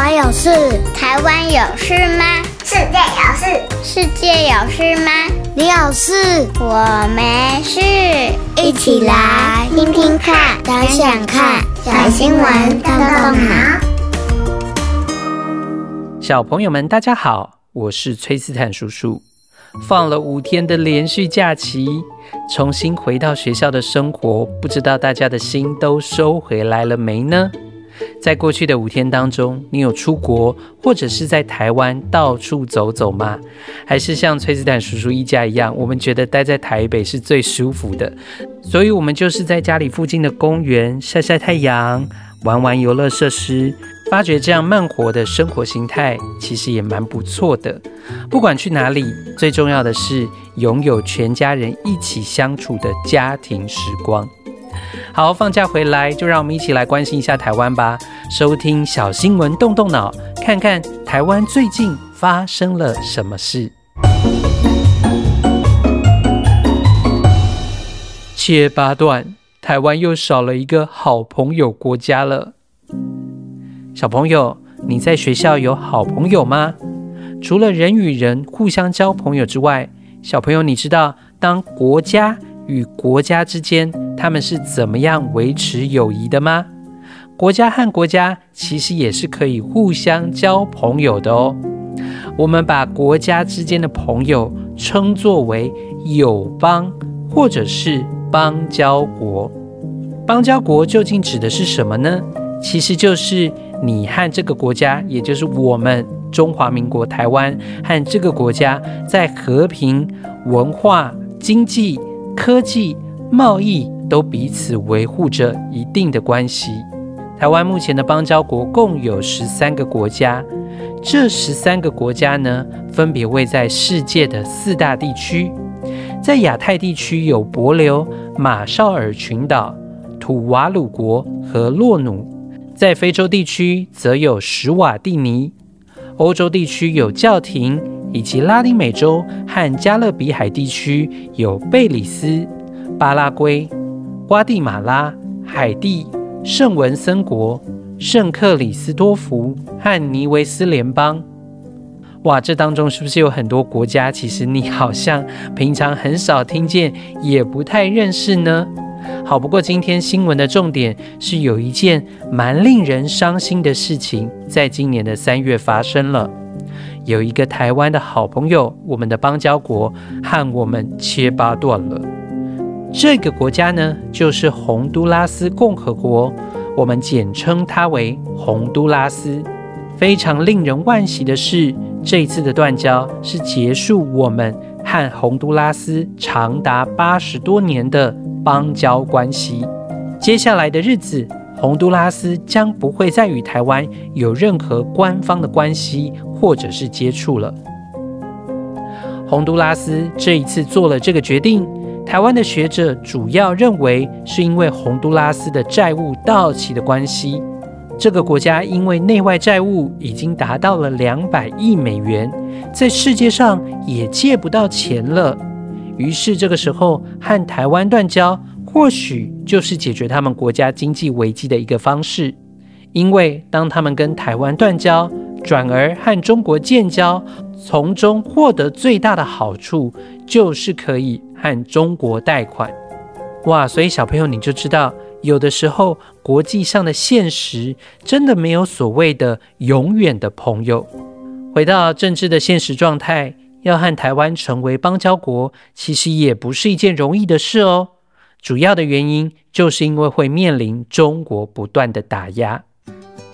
我有事，台灣有事嗎？世界有事，世界有事嗎？你有事，我沒事。一起來聽聽看，想想看，看小新聞動動腦。小朋友們，大家好，我是崔斯坦叔叔。放了五天的連續假期，重新回到學校的生活，不知道大家的心都收回來了沒呢？在過去的五天當中，你有出國或者是在台灣到處走走嗎？還是像崔斯坦叔叔一家一樣，我們覺得待在台北是最舒服的，所以我們就是在家裡附近的公園曬曬太陽，玩玩遊樂設施，發覺這樣慢活的生活形態，其實也蠻不錯的。不管去哪裡，最重要的是擁有全家人一起相處的家庭時光。好，放假回來就讓我們一起來關心一下臺灣吧。收聽小新聞，動動腦，看看臺灣最近發生了什麼事。切八段，臺灣又少了一個好朋友國家了。小朋友，你在學校有好朋友嗎？除了人與人互相交朋友之外，小朋友，你知道當國家？與國家之間，他們是怎麼樣維持友誼的嗎？國家和國家其實也是可以互相交朋友的哦。我們把國家之間的朋友稱作為友邦，或者是邦交國。邦交國究竟指的是什麼呢？其實就是你和這個國家，也就是我們中華民國、台灣和這個國家在和平、文化、經濟、科技、貿易都彼此維護着一定的關係。台灣目前的邦交國共有十三個國家，這十三個國家呢，分別位在世界的四大地區。在亞太地區有帛琉、馬紹爾群島、土瓦魯國和洛努；在非洲地區則有史瓦蒂尼；歐洲地區有教廷。以及拉丁美洲和加勒比海地區有貝里斯、巴拉圭、瓜地馬拉、海地、聖文森國、聖克里斯多福和尼維斯聯邦。哇，這當中是不是有很多國家？其實你好像平常很少聽見，也不太認識呢。好，不過今天新聞的重點是有一件蠻令人傷心的事情，在今年的三月發生了。有一個台灣的好朋友，我們的邦交國和我們切八段了。這個國家呢，就是洪都拉斯共和國，我們簡稱它為洪都拉斯。非常令人惋惜的是，這次的斷交是結束我們和洪都拉斯長達八十多年的邦交關係。接下來的日子，洪都拉斯將不會再與台灣有任何官方的關係。或者是接觸了。宏都拉斯這一次做了這個決定，台灣的學者主要認為是因為宏都拉斯的債務到期的關係。這個國家因為內外債務已經達到了兩百億美元，在世界上也借不到錢了。於是這個時候和台灣斷交，或許就是解決他們國家經濟危機的一個方式。因為當他們跟台灣斷交，轉而和中國建交，從中獲得最大的好處就是可以和中國貸款。哇，所以小朋友你就知道，有的時候國際上的現實真的沒有所謂的永遠的朋友。回到政治的現實狀態，要和台灣成為邦交國，其實也不是一件容易的事哦。主要的原因就是因為會面臨中國不斷的打壓。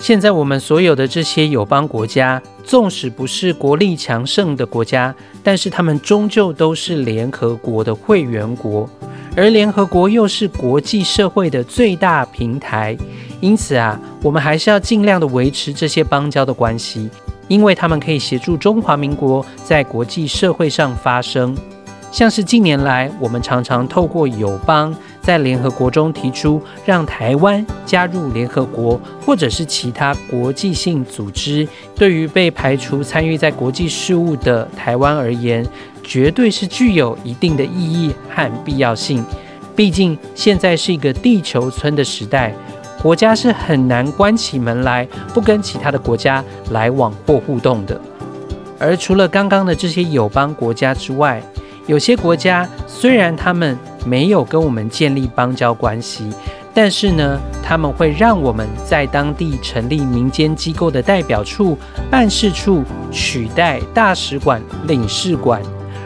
現在我們所有的這些友邦國家，縱使不是國力強盛的國家，但是他們終究都是聯合國的會員國，而聯合國又是國際社會的最大平台。因此啊，我們還是要盡量的維持這些邦交的關係，因為他們可以協助中華民國在國際社會上發聲。像是近年來，我們常常透過友邦，在聯合國中提出讓台灣加入聯合國，或者是其他國際性組織，對於被排除參與在國際事務的台灣而言，絕對是具有一定的意義和必要性。畢竟現在是一個地球村的時代，國家是很難關起門來不跟其他的國家來往或互動的。而除了剛剛的這些友邦國家之外，有些國家雖然他們。沒有跟我們建立邦交關係，但是呢，他們會讓我們在當地成立民間機構的代表處、辦事處，取代大使館、領事館。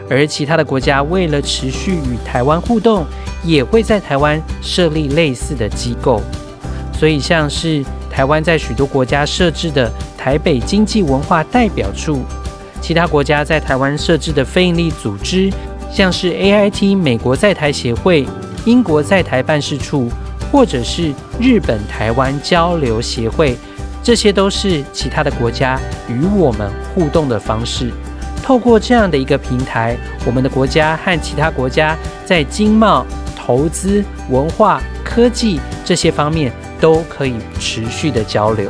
而其他的國家為了持續與台灣互動，也會在台灣設立類似的機構。所以，像是台灣在許多國家設置的台北經濟文化代表處，其他國家在台灣設置的非營利組織。像是 AIT 美國在台協會、英國在台辦事處，或者是日本台灣交流協會，這些都是其他的國家與我們互動的方式。透過這樣的一個平台，我們的國家和其他國家在經貿、投資、文化、科技這些方面都可以持續的交流。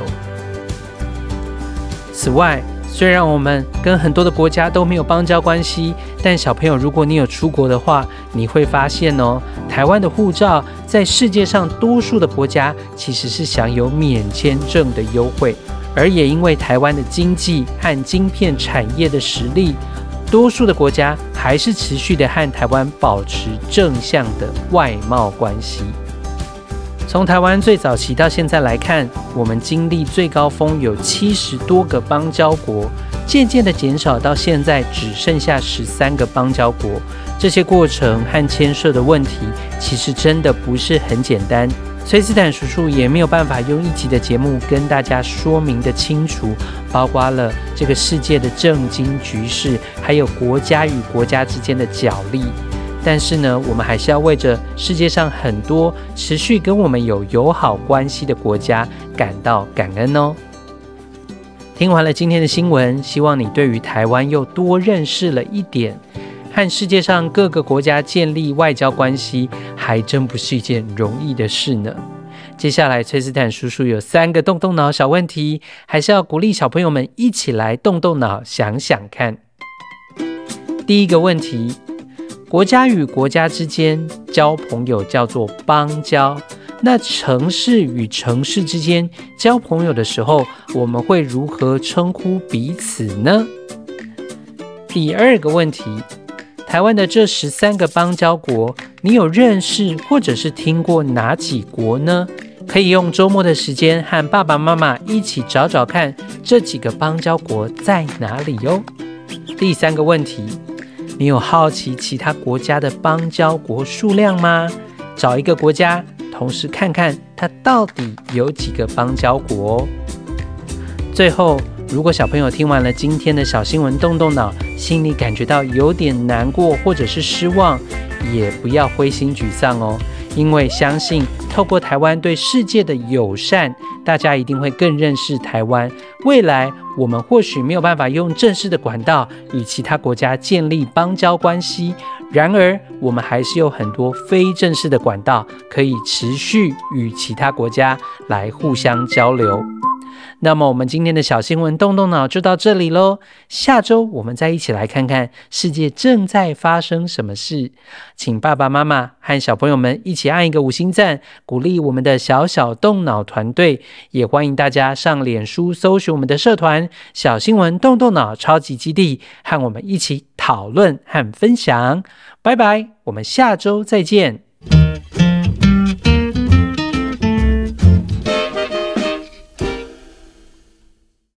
此外，雖然我們跟很多的國家都沒有邦交關係，但小朋友，如果你有出國的話，你會發現哦，台灣的護照在世界上多數的國家其實是享有免簽證的優惠，而也因為台灣的經濟和晶片產業的實力，多數的國家還是持續的和台灣保持正向的外貿關係。從台灣最早期到現在來看，我們經歷最高峰有七十多個邦交國，漸漸的減少到現在只剩下十三個邦交國。這些過程和牽涉的問題，其實真的不是很簡單。崔斯坦叔叔也沒有辦法用一集的節目跟大家說明得清楚，包括了這個世界的政經局勢，還有國家與國家之間的角力。但是呢，我們還是要為着世界上很多持續跟我們有友好關係的國家感到感恩哦。聽完了今天的新聞，希望你對於台灣又多認識了一點。和世界上各個國家建立外交關係，還真不是一件容易的事呢。接下來，崔斯坦叔叔有三個動動腦小問題，還是要鼓勵小朋友們一起來動動腦，想想看。第一個問題。國家與國家之間交朋友叫做邦交，那城市與城市之間交朋友的時候，我們會如何稱呼彼此呢？第二個問題，台灣的這十三個邦交國，你有認識或者是聽過哪幾國呢？可以用周末的時間和爸爸媽媽一起找找看，這幾個邦交國在哪裡喲。第三個問題。你有好奇其他國家的邦交國數量嗎？找一個國家，同時看看它到底有幾個邦交國。最後，如果小朋友聽完了今天的小新聞，動動腦，心裡感覺到有點難過或者是失望，也不要灰心沮喪哦。因為相信透過台灣對世界的友善，大家一定會更認識台灣。未來我們或許沒有辦法用正式的管道與其他國家建立邦交關係，然而我們還是有很多非正式的管道可以持續與其他國家來互相交流。那麼，我們今天的小新聞動動腦就到這裡嘍。下周我們再一起來看看世界正在發生什麼事。請爸爸媽媽和小朋友們一起按一個五星讚，鼓勵我們的小小動腦團隊。也歡迎大家上臉書搜尋我們的社團“小新聞動動腦超級基地”，和我們一起討論和分享。拜拜，我們下周再見。